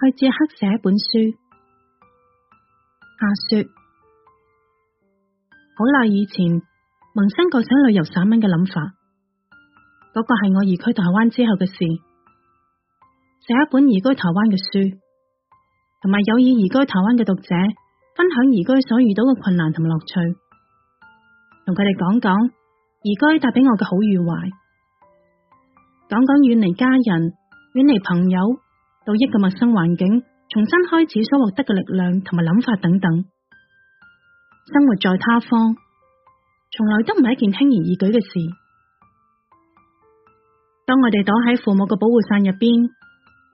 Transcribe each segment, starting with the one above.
去捷克寫一本書，阿雪好耐以前萌生過寫旅遊散文嘅諗法，嗰個係我移居台灣之後嘅事。寫一本移居台灣嘅書，同埋有意移居台灣嘅讀者分享移居所遇到嘅困難同樂趣，同佢哋講講移居帶俾我嘅好與壞，講講遠離家人、遠離朋友，有益嘅陌生環境，重新開始所獲得嘅力量同埋諗法等等，生活在他方，從來都唔係一件輕而易舉嘅事。當我哋躲喺父母嘅保護傘入邊，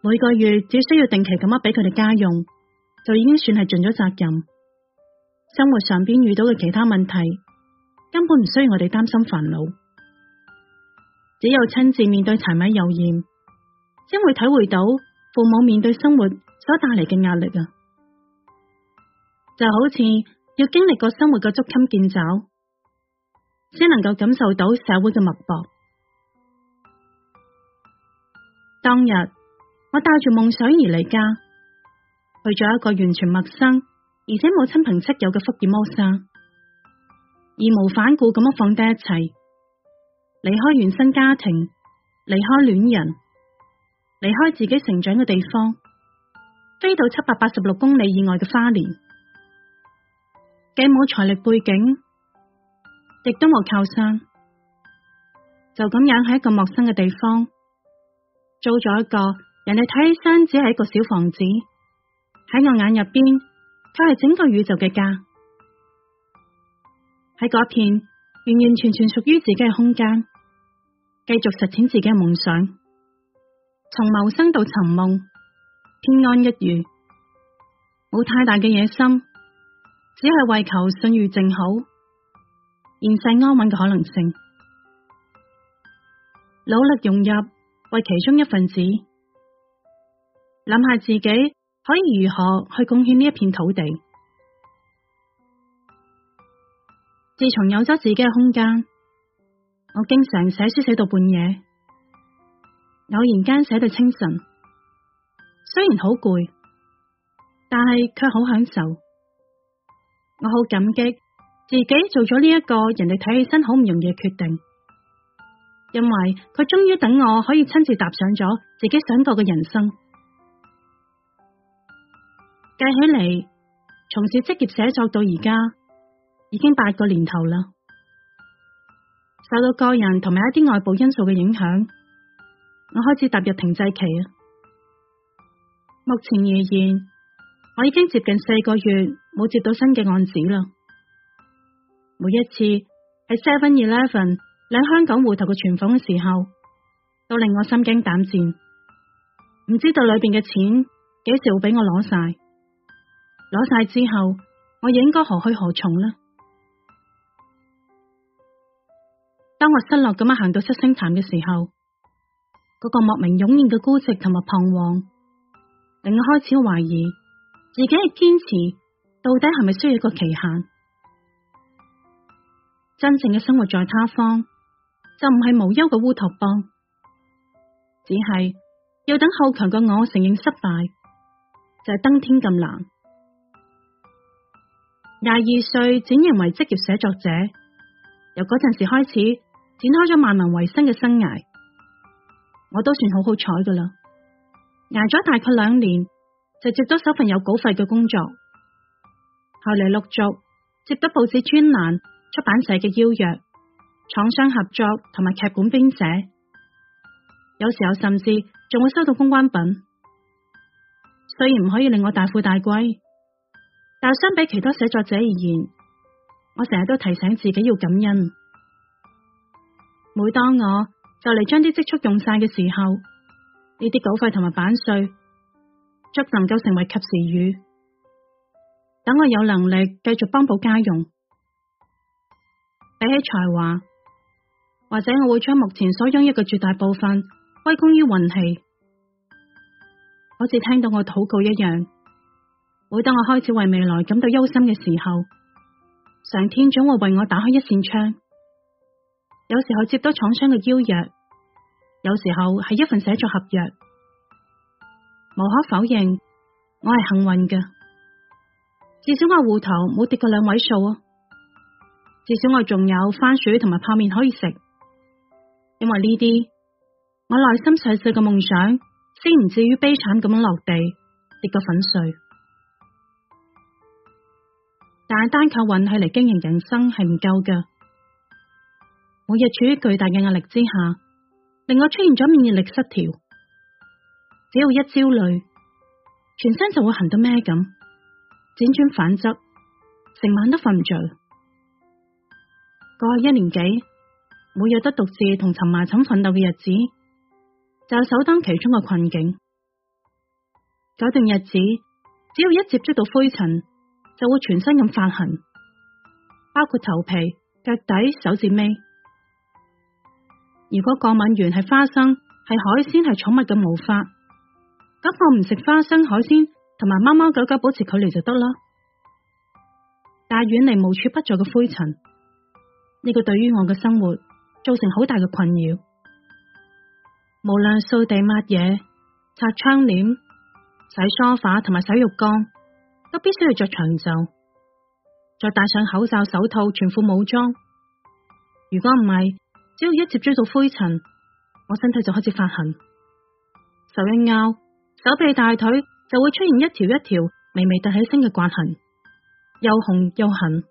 每個月只需要定期咁樣俾佢哋家用，就已經算係盡咗責任。生活上邊遇到嘅其他問題，根本唔需要我哋擔心煩惱，只有親自面對柴米油鹽，先會體會到。父母面對生活所帶嚟嘅壓力啊，就好似要經歷過生活嘅捉襟見肘，先能夠感受到社會嘅脈搏。當日我帶住夢想而離家，去咗一個完全陌生而且冇親朋戚友嘅福爾摩沙，義無反顧咁樣放低一切，離開原生家庭，離開戀人。離開自己成長嘅地方，飛到七百八十六公里以外嘅花蓮，既冇財力背景，亦都冇靠山，就咁樣喺一個陌生嘅地方，做咗一個人哋睇起身只係一個小房子，喺我眼入邊，佢係整個宇宙嘅家，喺嗰片完完全全屬於自己嘅空間，繼續實踐自己嘅夢想。從謀生到尋夢，偏安一隅，冇太大嘅野心，只係為求信譽靜好，現世安穩嘅可能性，努力融入為其中一份子，諗下自己可以如何去貢獻呢一片土地。自從有咗自己嘅空間，我經常寫書寫到半夜。偶然間寫到清晨，雖然好攰，但係卻好享受。我好感激自己做咗呢一個人哋睇起身好唔容易嘅決定，因為佢終於等我可以親自踏上咗自己想過嘅人生。計起嚟，從事職業寫作到而家已經八個年頭啦，受到個人同埋一啲外部因素嘅影響。我開始踏入停滯期啊！目前而言，我已經接近四個月冇接到新嘅案子啦。每一次喺 Seven Eleven 兩香港戶頭嘅存款嘅時候，都令我心驚膽戰，唔知道裏邊嘅錢幾時會俾我攞晒，攞晒之後，我應該何去何從呢？當我失落咁樣行到七星潭嘅時候，嗰個莫名湧現嘅孤寂同埋彷徨，令我開始懷疑自己嘅堅持到底係咪需要個期限？真正嘅生活在他方，就唔係無憂嘅烏托邦，只係要等好強嘅我承認失敗就係、是、登天咁難。廿二歲轉型為職業寫作者，由嗰陣時開始展開咗萬民為生嘅生涯。我都算好好彩㗎喇，捱咗大概兩年就接咗首份有稿費嘅工作，後嚟陸續接到報紙專欄、出版社嘅邀約、廠商合作同埋劇本編寫，有時候甚至仲會收到公關品。雖然唔可以令我大富大貴，但相比其他寫作者而言，我成日都提醒自己要感恩。每當我就嚟將啲積蓄用晒嘅時候，呢啲稿費同埋版稅足能夠成為及時雨。等我有能力繼續幫補家用，比起才華，或者我會將目前所擁有嘅絕大部分歸功於運氣。好似聽到我禱告一樣，每當我開始為未來感到憂心嘅時候，上天總會為我打開一扇窗。有時候接到廠商嘅邀約。有時候係一份寫作合約，無可否認，我係幸運嘅。至少我戶頭冇跌過兩位數啊，至少我仲有番薯同埋泡麵可以食。因為呢啲，我內心細碎嘅夢想，先唔至於悲慘咁樣落地跌個粉碎。但係單靠運氣嚟經營人生係唔夠嘅，每日處於巨大嘅壓力之下，令我出現咗免疫力失調，只要一焦慮，全身就會痕到咩咁，輾轉反側，成晚都瞓唔着。過去一年幾，每日都獨自同蕁麻疹奮鬥嘅日子，就係首當其衝嘅困境。嗰段日子，只要一接觸到灰塵，就會全身咁發痕，包括頭皮、腳底、手指尾。如果過敏源係花生、係海鮮、係寵物嘅毛髮，咁我唔食花生、海鮮同埋貓貓狗狗保持距離就得啦。但係遠離無處不在嘅灰塵，呢個對於我嘅生活造成好大嘅困擾。無論掃地、抹嘢、擦窗簾、洗梳化同埋洗浴缸，都必須係着長袖，再戴上口罩、手套，全副武裝。如果唔係，只要一接觸到灰塵，我身體就開始發痕，手一拗，手臂、大腿就會出現一條一條微微凸起身嘅刮痕，又紅又痕。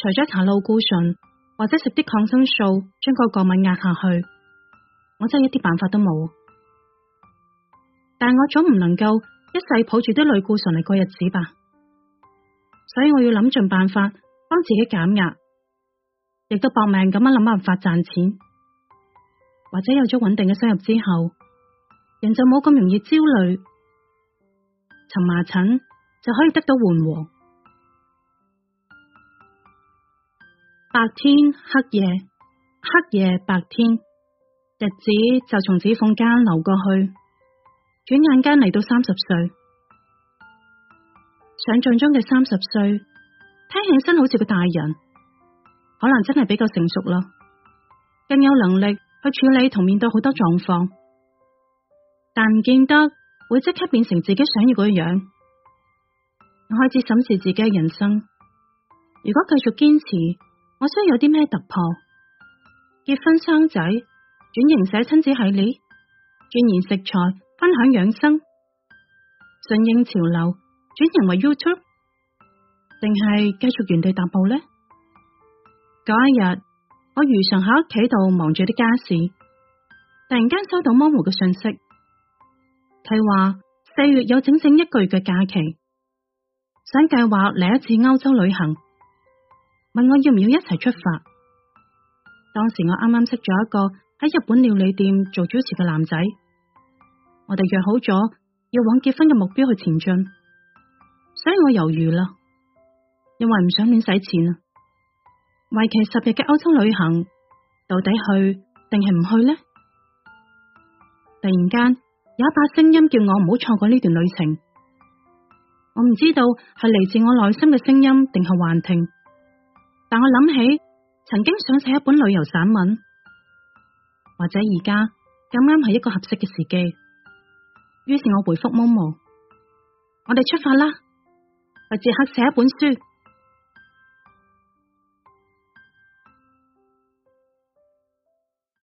除咗搽類固醇或者食啲抗生素將個過敏壓下去，我真係一啲辦法都冇。但我總唔能夠一世抱住啲類固醇嚟過日子吧，所以我要諗盡辦法幫自己減壓。亦都搏命咁樣諗辦法賺錢，或者有咗穩定嘅收入之後，人就冇咁容易焦慮，尋麻疹就可以得到緩和。白天黑夜，黑夜白天，日子就從指縫間流過去，轉眼間嚟到三十歲，想象中嘅三十歲，聽起身好似個大人。可能真係比較成熟啦，更有能力去處理同面對好多狀況，但唔見得會即刻變成自己想要嘅樣。我開始審視自己嘅人生，如果繼續堅持，我需要有啲咩突破？結婚生仔，轉型寫親子系列，鑽研食材，分享養生，順應潮流，轉型為 YouTube，定係繼續原地踏步呢？嗰一日，我如常喺屋企度忙住啲家事，突然間收到魔狐嘅信息，佢話四月有整整一個月嘅假期，想計劃嚟一次歐洲旅行，問我要唔要一齊出發。當時我啱啱識咗一個喺日本料理店做主持嘅男仔，我哋約好咗要往結婚嘅目標去前進，所以我猶豫啦，因為唔想亂使錢啊。為期十日嘅歐洲旅行，到底去定係唔去呢？突然間有一把聲音叫我唔好錯過呢段旅程，我唔知道係嚟自我內心嘅聲音定係幻聽，但我諗起曾經想寫一本旅遊散文，或者而家咁啱係一個合適嘅時機，於是我回復 Momo：我哋出發啦，去捷克寫一本書。